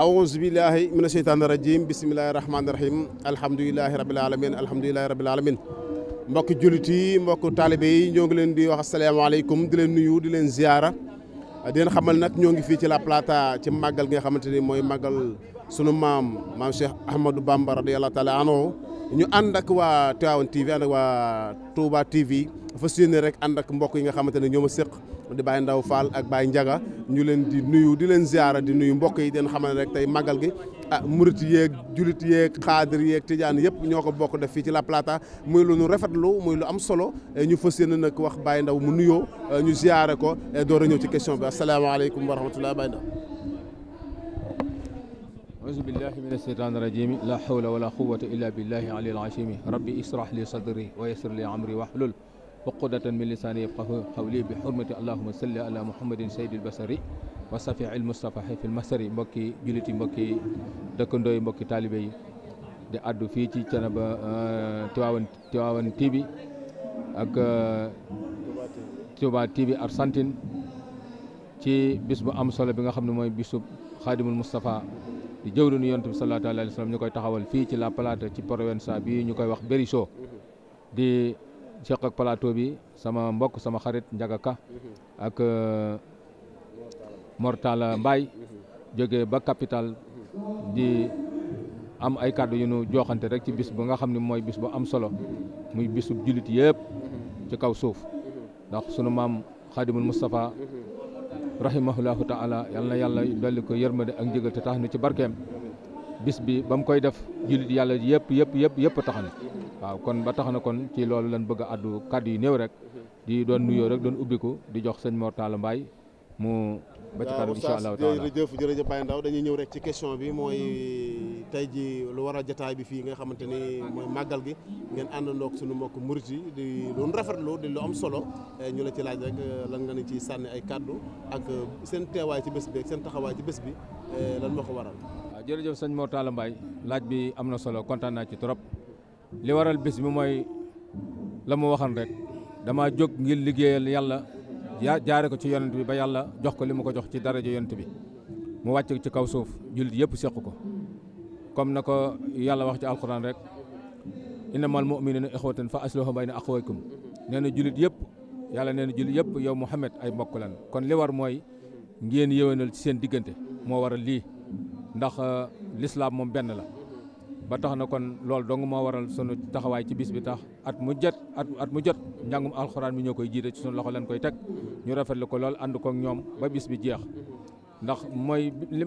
aw billahi mina sheytaani rajim bisimilahi rahmaani rahim alhamdulilahi rabil alamin alhamdulilahi rabil alamin mbokk jullit yi mbokk taalibe yi ñoo ngi leen di wax asalaamaaleykum di leen nuyu di leen ziara di xamal nag ñoo ngi fii ci La Plata ci màggal nga xamante ni mooy màggal sunu maam maam Cheikh Ahmadou Bamba radiyallahu taala anhu ñu ànd ak waa Tivaouane TV ànd ak waa Touba TV fa rek ànd ak mbokk yi nga xamante ne ñoo ma séq di Baye Ndaw Fall ak baay njaga ñu leen di nuyu di leen ziara di nuyu mbokk yi den xamal rek tey màggal gi ah murit yeeg julit yeeg xaadir yeeg tijaan yëpp ñoo ko bokk def fii ci La Plata muy lu nu rafetlu muy lu am solo eh, ñu fa yéene nag wax Baye Ndaw mu nuyoo eh, ñu ziare ko eh, door a ñëw ci question bi asalaamaaleykum wa rahmatulah Baye Ndaw أعوذ بالله من الشيطان الرجيم لا حول ولا قوة إلا بالله علي العظيم ربي اشرح لي صدري ويسر لي أمري واحلل عقدة من لساني يفقه قولي بحرمة اللهم صل على محمد سيد البصري وصفي المصطفى في المصري mbokki juliti mbokki dëkkandoo yi mbokki taalibe yi di addu fii ci Thiénaba euh, Tivaouane Tivaouane TV ak euh, Touba TV Argentine ci bis bu am solo bi nga xam ne mooy bisub Xaadimul Moustapha di jëwriñu yonent bi sallallahu alayhi wa sallam ñu koy taxawal fii ci La Plata ci province bi ñu koy wax Berisso di seq ak palaato bi sama mbokk sama xarit Ndiaga Ka ak euh, Mortala Mbaye jógee ba capital di am ay kàddu yu nu joxante rek ci bis bu nga xam ne mooy bis bu am solo muy bisu jullit yëpp ci kaw suuf ndax sunu maam Xaadimul Moustapha rahimahullahu taala yal na yàlla dolli ko yërmande ak njëgal te tax nu ci barkeem bis bi ba mu koy def jullit yàlla yëpp yëpp yëpp yëpp tax na waaw kon ba tax na kon ci loolu lan bëgg a addu kàddu yu néew rek di doon nuyoo rek doon ubbiku di jox sëñ Mor Talla Mbaye mu ba ci kanam incha allahu taala jërëjëf jërëjëf Baye Ndao dañuy ñëw rek ci question bi mooy tey ji lu war a jataay bi fii nga xamante ni mooy màggal gi ngeen àndandoog suñu mbokk murit yi di lu rafetlu di lu am solo eh, ñu la ci laaj rek eh, lan nga ne ci sànni ay kàddu ak eh, seen teewaay ci bés bi ak seen taxawaay ci bés bi lan moo ko waral. waaw ah, jërëjëf sëñ Mor Talla laaj bi am na solo kontaan naa ci trop li waral bés bi mooy la mu waxan rek dama jóg ngir liggéeyal yaa jaare ko ci yonent bi ba yàlla jox ko li mu ko jox ci daraja yonent bi mu wàcc ci kaw suuf jullit yëpp seq ko comme na ko yàlla wax ci alquran rek innamal mu'minuna ixwatan fa aslihu bayna axawaykum nee na jullit yëpp yàlla nee na jullit yëpp yow Muhammad ay mbokk lan kon li war mooy ngeen yéwénal ci seen diggante moo waral lii ndax euh, lislaam moom benn la ba tax na kon loolu dong moo waral sunu taxawaay ci bis bi tax at mu jot at at mu jot njàngum alxuraan bi ñoo koy jiite ci sunu loxo lañ koy teg ñu rafetlu ko lool ànd koog ñoom ba bis jeex ndax mooy li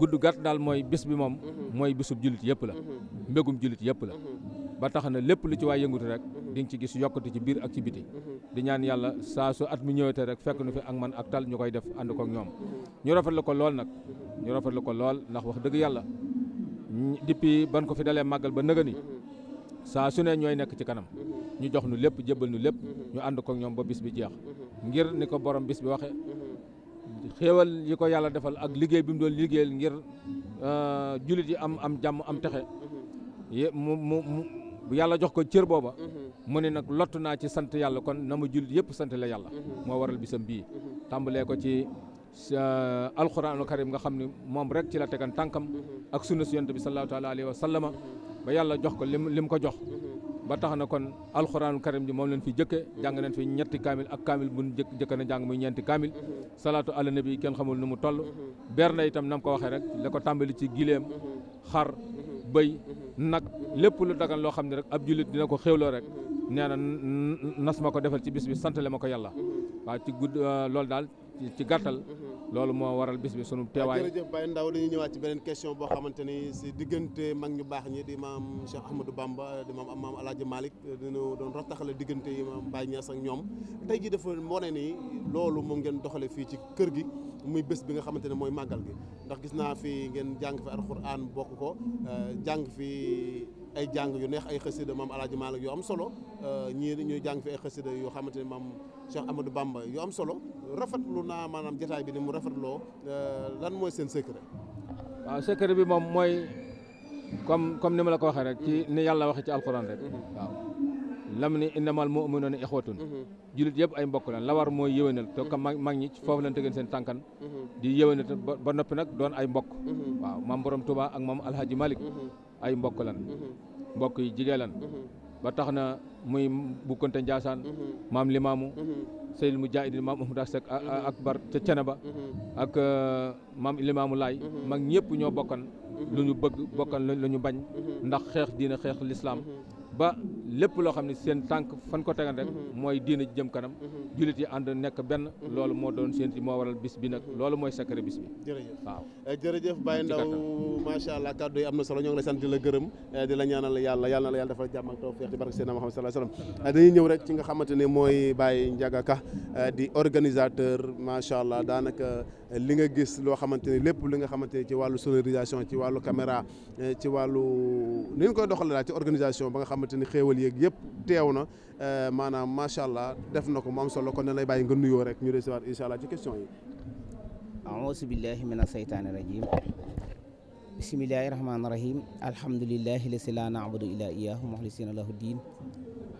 gudd gàtt daal mooy bis moom mooy bisub jullit yëpp la mbégum jullit yëpp la ba tax na lépp lu ci waay yëngutu rek di nga ci gis yokkute ci biir ak ci di ñaan yàlla saa at mi ñëwete rek fekk nu fi ak man ak tal koy def ànd koog ñoom ñu rafetlu ko lool nag ñu rafetlu ko lool ndax wax dëgg yàlla depuis ban ko fi dalee màggal ba nëgëni mhm. saa su ne ñooy nekk ci kanam mhm. ñu jox nu lépp jébbal nu lépp mhm. ñu ànd ko ñoom ba bis bi jeex ngir ni ko boroom bis bi waxe xéewal yi ko yàlla defal ak liggéey bi mu doon liggéeyal ngir euh, jullit yi am am jàmm am texe mu yàlla jox ko cër booba mu ne nag lottu naa ci sant yàlla kon na mu jullit yëpp sant la yàlla moo waral bisam bii tàmbalee ko ci alxuraanul karim nga xam ne moom rek ci la tegan tànkam ak sunna si yonent bi sallallahu taala alayhi wa sallama ba yàlla jox ko lim lim ko jox ba tax na kon alxuraanul karim ji moom leen fi jëkke jàng nañ fi ñetti kaamil ak kaamil bu jëkk jëkk na jàng muy ñeenti kaamil salaatu ala nabi kenn xamul nu mu toll berna itam nam ko waxee rek la ko tàmbali ci gileem xar bëy nag lépp lu dagan loo xam ne rek ab jullit dina ko xéwloo rek nee na nas ma ko defal ci bis bi santale ma ko yàlla waaw ci gudd loolu loolu moo waral bis bi sunu teewaay ah, jërëjëf Baye Ndao dañuy ñëwaat ci beneen question boo xamante ni si diggante mag ñu baax ñi di maam Cheikh Ahmadou Bamba di maam maam El Hadj Malick dañu doon rattaxale diggante yi maam Baye Niass ak ñoom tey jii dafa wane ni loolu moom ngeen doxale fii ci kër gi muy bés bi nga xamante ne mooy màggal gi ndax gis naa fi ngeen jàng fi alxuraan bokk ko euh, jàng fi ay jàng yu neex ay xasida maam El Hadj Malick yu am solo euh, ñii ñuy jàng fi ay xasida yoo xamante ne maam Cheikh Ahmadou Bamba yu am solo rafet lu naa maanaam jataay bi ni mu rafet rafetloo euh, lan mooy seen secret. waaw secret bi moom mooy comme comme ni ma la ko waxee rek. ci ni yàlla waxe ci alxuraan rek. Mhm. waaw lam ni innamal mu'minuuna ixwatun mhm. julit yëpp ay mbokk lan la war mooy yëwénal mhm. te ka mag mag ñi foofu leen tegeen seen tànkan di yëwénal ba noppi nag doon ay mbokk waaw maam borom Touba ak maam Alhaji Malick ay mbokk lan mbokk yi ba tax na muy bu konte Ndiassane mm-hmm. maam Limaamu mm-hmm. Seydil Mujaahidin maam Ahmadu Seck mm-hmm. Akbar ca cene ba ak euh, maam Limaamu Laay mag ñëpp ñoo bokkan lu ñu bëgg bokkan la ñu bañ ndax xeex diina xeex lislaam ba lépp loo xam ne seen tànk fan ko tegan rek mhm. mooy diina jëm kanam mhm. jullit yi ànd nekk benn mhm. loolu moo doon seen moo waral bis bi nag loolu mooy secret bis bi jërëjëf waaw eh, jërëjëf Baye Ndao allah kàddu yi am na solo ñoo ngi lay sant di la gërëm eh, di la ñaanal yàlla yàlla na la yàlla dafa jàmm ak tawfeex ci barke Seydina Muhammad sallallahu alayhi wasallam eh, dañuy ñëw rek ci nga xamante ne mooy Baye Ndiaga di organisateur macha allah daanaka li nga gis loo xamante ni lépp li nga xamante ni ci wàllu sonorisation ci wàllu caméra eh, ci wàllu ni ñu koy doxalee ci organisation ba nga xamante ni xéewal yeeg yëpp teew na eh, maanaam macha allah def na ko mu am solo kon ne lay bàyyi nga nuyoo rek ñu recevoir incha allah ci question yi. aousu billahi min asaytaani rajim bismillahi rahmaani rahim alhamdulilahi lasi laa naabudu ila iyahu muxlisina lahu diin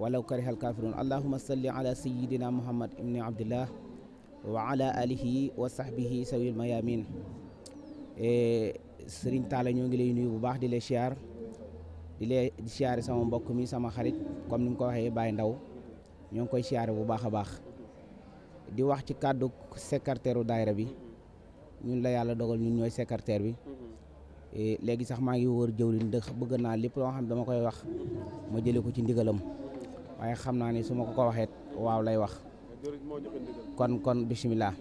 walaw karihal kafirun allahuma muhammad ibni abdillah wa ala alihi wa sahbihi sawil mayamin e, sëriñ Talla ñoo ngi lay nuyu bu baax di la siyaar di la siyaare sama mbokk mi sama xarit comme ni mu ko waxee Baye Ndaw ñoo ngi koy siyaare bu baax a baax di wax ci kàddu secrétaire u daayira bi ñun la yàlla dogal ñun ñooy secrétaire bi e, léegi sax maa ngi wër jëwlin dëkk bëgg naa lépp loo xam dama koy wax ma jëlee ko ci ndigalam waaye xam naa ne su ma ko ko waxeet waaw lay wax kon kon bisimilah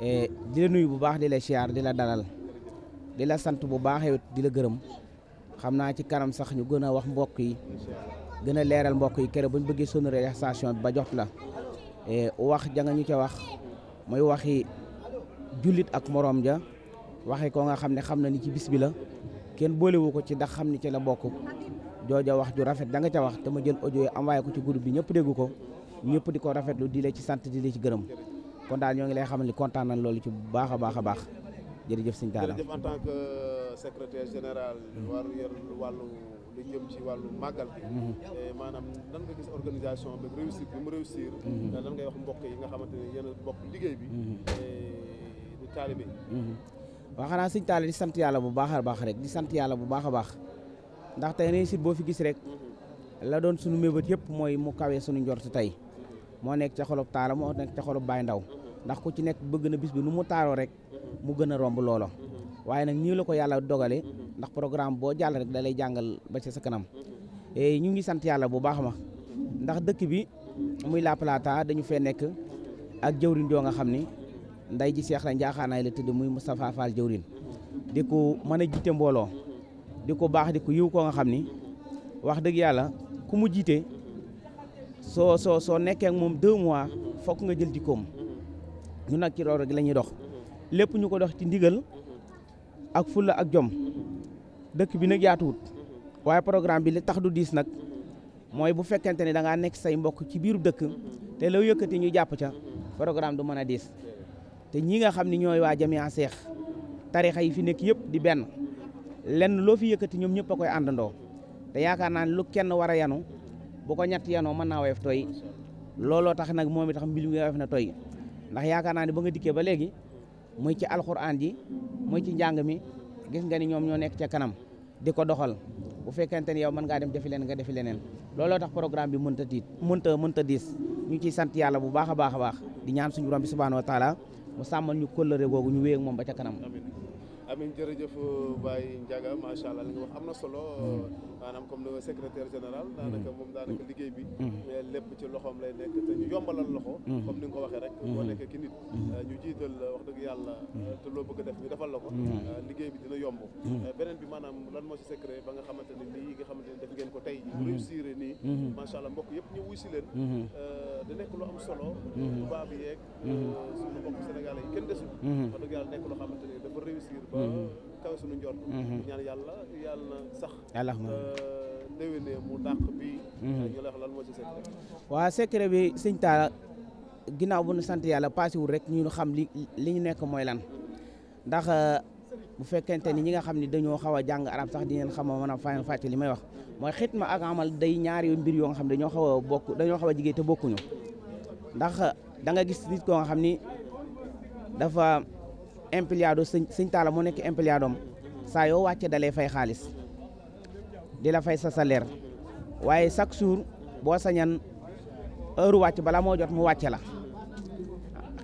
eh, di la nuyu bu baax di la siyaar di la dalal di la sant bu baax yow di la gërëm xam naa ci kanam sax ñu gën a wax mbokk yi gën a leeral mbokk yi kere bañ ñu bëggee sonoré station bi ba jot la eh, wax ja nga ñu ca wax muy waxi jullit ak moroom ja waxe ko nga xam ne xam na ni ci bis bi la kenn boolewu ko ci ndax xam ni ci la bokk jooja wax ju rafet da nga ca wax te ma jël audio yi envoyé ko ci groupe bi ñëpp dégg ko ñëpp di ko rafetlu di la ci sant di la ci gërëm kon daal ñoo ngi lay xamal ni kontaan loolu ci bu baax baax a baax jërëjëf sëñ Talla en tant que euh, général mm-hmm. wàllu lu jëm wàllu màggal mm-hmm. maanaam lan nga gis organisation bi réussir bi mm-hmm. ngay wax mbokk yi nga xamante ne yéen a bokk liggéey bi du taalibe waaw xanaa sëñ Talla di sant yàlla bu baax a baax rek di sant yàlla bu baax a baax ndax tey réussite boo fi gis rek la doon suñu mébét yëpp mooy mu kawee sunu njort tey moo nekk ca xolub taala moo nekk ca xolub baay ndaw ndax ku ci nekk bëgg na bis bi nu mu taaroo rek mu gën a romb loola waaye nag nii la ko yàlla dogale ndax programme boo jàll rek da lay jàngal ba ci sa kanam e, ñu ngi sant yàlla bu baax ma ndax dëkk bi muy La Plata dañu fee nekk ak jëwrin joo nga xam ni nday ji seex la njaaxaanaay la tëdd muy Moustapha Fall jëwrin di ko mën a jiite mbooloo di ko baax di ko yiw koo nga xam ni wax dëgg yàlla ku mu soo soo soo nekkee moom deux mois fokk nga jël jikkoom ñu nag ci loolu rek la ñuy dox lépp ñu ko dox ci ndigal ak fulla ak jom dëkk bi nag yaatuwut waaye programme bi li tax du diis nag mooy bu fekkente ne da nekk say mbokk ci biiru dëkk te loo yëkkati ñu jàpp ca programme du mën a diis te ñi nga xam ni ñooy waa Jamia Seex tarixa yi fi nekk yëpp di benn lenn loo fi yëkkati ñoom ñëpp a koy àndandoo te yaakaar naa ne lu kenn war a yanu bu ko yanoo mën naa woyof tooy looloo tax nag moom itam mbir mi woyof na toy ndax yaakaar naa ne ba nga dikkee ba léegi muy ci alxuraan ji muy ci njàng mi gis nga ni ñoom ñoo nekk ca kanam di ko doxal bu fekkente ni yow mën ngaa dem defi leen nga defi leneen looloo tax programme bi mënta tiit mënta mënta diis ñu ciy sant yàlla bu baax a baax a baax di ñaan suñu borom bi subhaanahu wa taala mu sàmmal ñu kóllëre googu ñu wéy ak moom ba ca kanam Amin jërëjëf euh, bàyyi Ndiaga macha allah li wax am na solo mm. maanaam comme le secrétaire général. Mm. daanaka moom daanaka mm. liggéey bi. lépp ci loxoom lay nekk te ñu yombalal loxo. comme ni nga ko waxee rek. boo nekkee ki nit. Euh, ñu jiital euh, wax dëgg yàlla. te loo bëgg def ñu defal la ko. liggéey bi dina yomb. beneen bi maanaam lan moo si secret ba nga xamante ne lii nga xamante ne def ngeen ko tey. bu réussir nii. Mm-hmm. macha allah mbokk yëpp ñu wuy si leen. Mm-hmm. di nekk lu am solo. Mhm. tubaab yi yeeg. Mhm. Euh, suñu mbokk sénégalais yi kenn desul. Mhm. yàlla dafa réussir ba kawe suñu njort. ñaan yàlla yàlla na sax. yàlla xam déwénee euh, mu dàq bi waaw secret bi sëñ Talla ginnaaw bu ñu sant yàlla passé wul rek ñu xam li li ñu nekk mooy lan ndax euh, bu fekkente ni ñi nga xam ne dañoo xaw a jàng arab sax di ngeen xam a mën a fayal ci li may wax. mooy xitma ak amal day ñaari mbir yoo nga xam dañoo xaw a bokk dañoo xaw a jigéen te bokkuñu ndax da gis nit ko nga xam ni dafa impliado sëñ sëñ taala moo nekk impliadoom saa yow wàcce da lay fay xaalis di la fay sa salaire waaye chaque jour boo sañan heure wàcc balaa moo jot mu wàcce la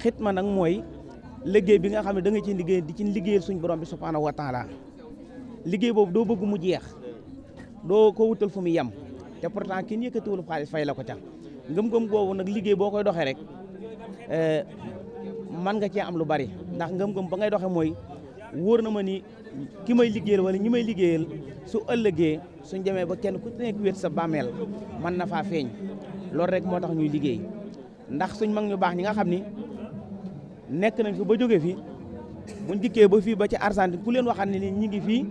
xitma nag mooy liggéey bi nga xam ne danga nga ci liggéey di ci liggéeyal suñ borom bi subhanahu wa taala liggéey boobu doo bëgg mu jeex doo ko wutal fu muy yem te pourtant kenn yëkkatiwul xaalis fay la ko ca ngëm-ngëm googu nag liggéey boo koy doxee rek eh, man nga cee am lu bari ndax ngëm-ngëm ba ngay doxe mooy wóor na ma ni ki may liggéeyal wala ñi may liggéeyal su ëllëgee suñ demee ba kenn ku nekk wéet sa bàmmeel man na faa feeñ loolu rek moo tax ñuy liggéey ndax suñ mag ñu baax ñi nga xam ni nekk nañ fi ba jógee fi buñ dikkee ba fii ba ci Argentine ku leen waxaat ne ni ñi ngi fii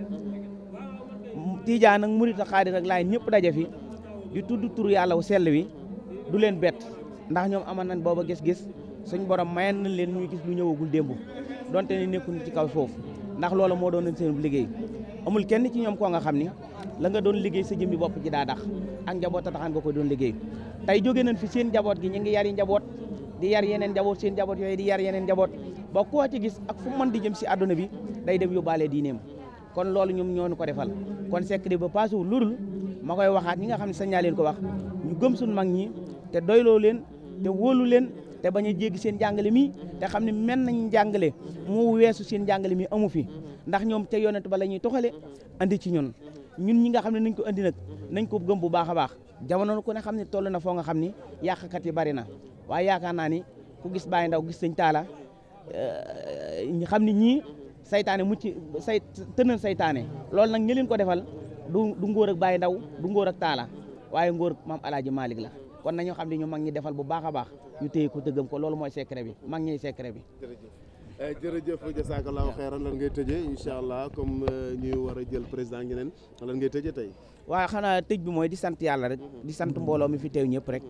tiijaan ak murit ak xaadir ak laay ñëpp daje fi di tudd tur yàlla wu sell wi du leen bett ndax ñoom amoon nañ ba gis-gis suñ borom mayen nañ leen ñuy gis lu ñëwagul démb donte ne nekkuñu ci kaw foofu ndax loola moo doon seen liggéey amul kenn ci ñoom koo nga xam ni la nga doon liggéey sa jëmmi bopp ji daa dax ak njaboot a taxaan ko doon liggéey tey jóge nañ fi seen njaboot gi ñu ngi yari njaboot di yar yeneen njaboot seen njaboot yooyu di yar yeneen njaboot ba koo ci gis ak fu di jëm si àdduna bi day dem yóbbaale diineem kon loolu ñoom ñoo ñu ko defal kon secret ba paasuwul ludul ma koy waxaat ñi nga xam ne sañ ko wax ñu gëm suñu mag ñi te doyloo leen te wóolu leen te bañ a jéggi seen jàngale mi te xam ne mel nañ jàngale mu weesu seen jàngale mi amu fi ndax ñoom te yonent ba la ñuy toxale andi ci ñun ñun ñi nga xam ne nañ ko andi nag nañ ko gëm bu baax a baax jamono ku ne xam ne toll na foo nga xam ni yàqkat yi bari na waaye yaakaar naa ni ku gis bàyyi ndaw gis sëñ taala euh, ñu saytaane mucc say tënal seytaane loolu nag ñi leen ko defal du du ngóor ak bàyyi ndaw du ngóor ak taala waaye ngóor maam alaaj Malick la kon nañu xam ne ñu mag ñi defal bu baax a baax ñu téye ko dëggam ko loolu mooy secret bi mag ñi secret bi jërëjëf eh, jazakallahu xeyran lan ngay tëjee incha allah comme eh, ñuy war a jël président ñeneen lan ngay tëjee tey waaw xanaa tëj bi mooy di sant yàlla rek di sant mbooloo mi fi teew ñëpp rek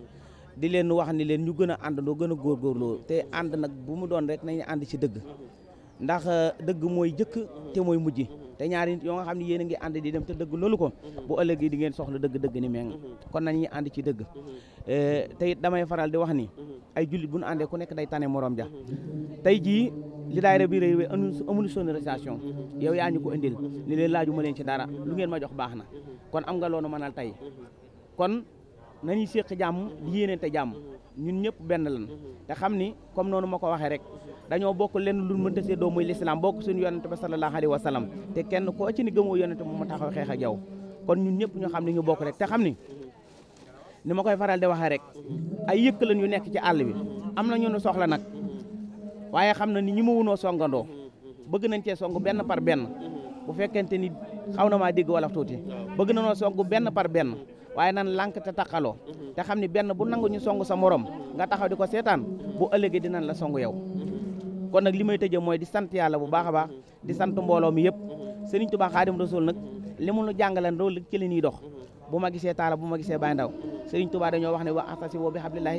di leen wax ni leen ñu gën a àndandoo gën a góorgóorloo te ànd nag bu mu doon rek nañu ànd ci dëgg ndax euh, dëgg mooy jëkk te mooy mujj te ñaari nit yoo nga xam ne yéen a ngi ànd di dem te dëgg loolu ko bu ëllëgee di ngeen soxla dëgg dëgg ni meeng kon nañ ñu ànd ci dëgg euh, te damay faral di wax ni ay jullit bu ñu àndee ku nekk day tane morom ja tey jii li daayira bi réew amul sonorisation yow yaa ñu ko indil ni leen laaju ma leen ci dara lu ngeen ma jox baax na kon am nga loonu mënal tey kon nañuy séq jàmm di yéeneente jàmm ñun ñëpp benn lan te xam ni comme noonu ma ko waxee rek dañoo bokk lenn lu mënta séddoo muy lislaam bokk suñu yonente ba sallallahu alayhi wa sallam te kenn koo ci ni gëmoo yonente moom ma taxaw xeex ak kon ñun ñëpp ñu xam ni ñu bokk rek te xam ni ni ma koy faral di waxee rek ay yëkk lan yu nekk ci àll bi am na ñu nu soxla nag waaye xam na ni ñi ma wunoo songandoo bëgg nañ cee song benn par benn bu fekkente ni xaw na maa dégg tuuti bëgg na noo song benn par benn waaye nan lank te taqaloo mhm. te xam ni benn bu nangu ñu song sa morom nga taxaw di ko seetaan bu ëllëgee dinañ la song yow mhm. kon nag li may tëjee mooy di sant yàlla bu baax a baax mhm. di sant mbooloo mi yëpp Sëriñ Tuubaa Xaadim Rasuul nag li mu nu jàngaleen loolu ci li ñuy dox bu ma gisee taala bu ma gisee bay ndaw Sëriñ Tuubaa dañoo wax ne wa atasimu bi hablillahi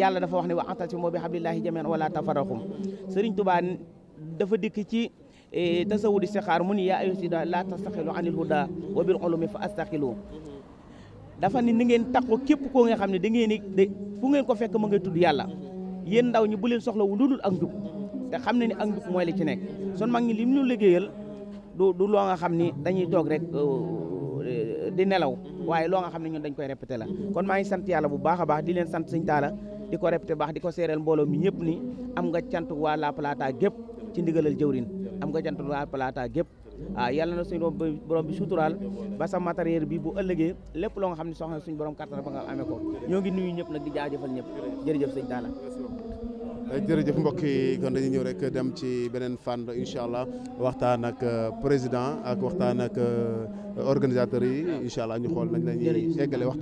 yàlla dafa wax ne wa atasimu bi hablillahi jamii'an wala tafarraqu Sëriñ Tuubaa dafa dikk ci eh, tasawudi sixaar mu ni yaa ayyuhaa laa tastaxilu anil hudaa wa bil ulumi fa astaxilu dafa ni ni ngeen takkoo képp koo nga xam ne da ngeen di fu ngeen ko fekk ma ngay tudd yàlla yéen ndaw ñi bu leen soxla wu ludul ak njub te xam ne ni ak njub mooy li ci nekk son mag ñi li mu ñu liggéeyal du du loo xam ni dañuy toog rek euh, euh, di nelaw waaye loo nga xam ne ñun dañ ko répété la kon maa ngi sant yàlla bu baax baax di leen sant sëñ taala di ko répété baax di ko séeréel mbooloo mi ñëpp ni am nga cant waa La Plata gépp ci ndigalal jëwrin am nga cant waa La Plata gépp ah yàlla na suñu borom bi suturaal ba sa matériel bi bu ëllëgee lépp loo nga xam ne soxna suñu borom kattan ba nga amee ko ñoo ngi nuyu ñëpp nag di jaajëfal ñëpp jërëjëf sëñ Talla eh, jërëjëf mbokk yi kon dañuy ñëw rek dem ci beneen fànn incha allah waxtaan ak euh, président ak waxtaan ak euh, organisateurs yi incha allah ñu xool nañ la ñuy